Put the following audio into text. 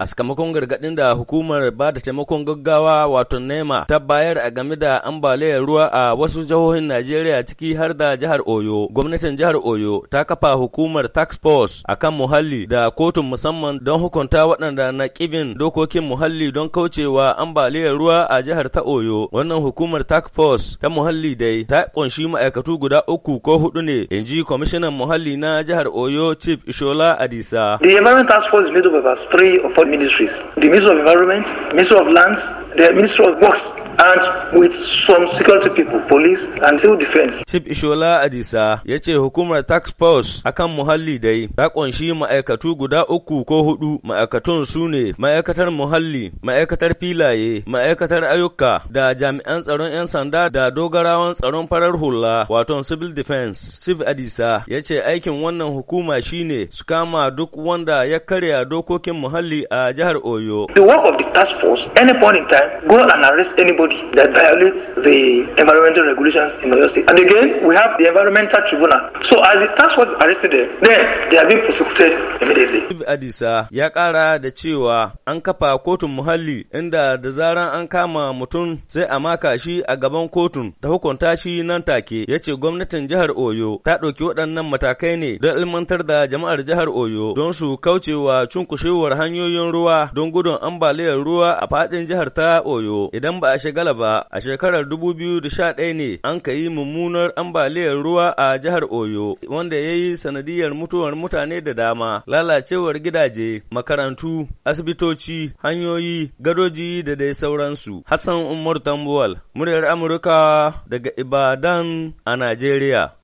a sakamakon gargaɗin da hukumar ba da taimakon gaggawa wato nema ta bayar a game da ambaliyar ruwa a wasu jihohin najeriya ciki har da jihar oyo gwamnatin jihar oyo ta kafa hukumar tax force a kan muhalli da kotun musamman don hukunta waɗanda na ƙibin dokokin muhalli don kaucewa ambaliyar ruwa a jihar ta oyo wannan hukumar tax force ta muhalli dai ta ƙunshi ma'aikatu guda uku ko hudu ne in ji kwamishinan muhalli na jihar oyo chief ishola adisa the environment task force is made up of three or four ministries the Ministry of Environment, Ministry of Lands, the Ministry of Works, and with some security people, police and civil defense. Tip Ishola Adisa ya ce hukumar tax force akan muhalli dai ta ƙunshi ma'aikatu guda uku ko hudu ma'aikatun su ne ma'aikatar muhalli, ma'aikatar filaye, ma'aikatar ayyuka da jami'an tsaron 'yan sanda da dogarawan tsaron farar hula wato civil defense. sif Adisa ya ce aikin wannan hukuma shine su kama duk wanda ya karya dokokin muhalli a jihar Oyo. The work of the task force, any point in time, go and arrest anybody that violates the environmental regulations in Oyo State. And again, we have the environmental tribunal. So as the task force arrested them, then they are being prosecuted immediately. Adisa ya kara da cewa an kafa kotun muhalli inda da zaran an kama mutum sai a maka shi a gaban kotun ta hukunta shi nan take ya ce gwamnatin jihar Oyo ta ɗauki waɗannan matakai ne don ilmantar da jama'ar jihar Oyo don su kaucewa cunkushewar hanyoyin ruwa don gudun ambaliyar ruwa a faɗin jihar ta Oyo. Idan ba a shigala ba, a shekarar 2011 ne an ka yi mummunar ambaliyar ruwa a jihar Oyo, wanda ya yi sanadiyar mutuwar mutane da dama, lalacewar gidaje, makarantu, asibitoci, hanyoyi, gadoji da dai sauransu. Hassan Umar Tambuwal, muryar Amurka daga Ibadan a Najeriya.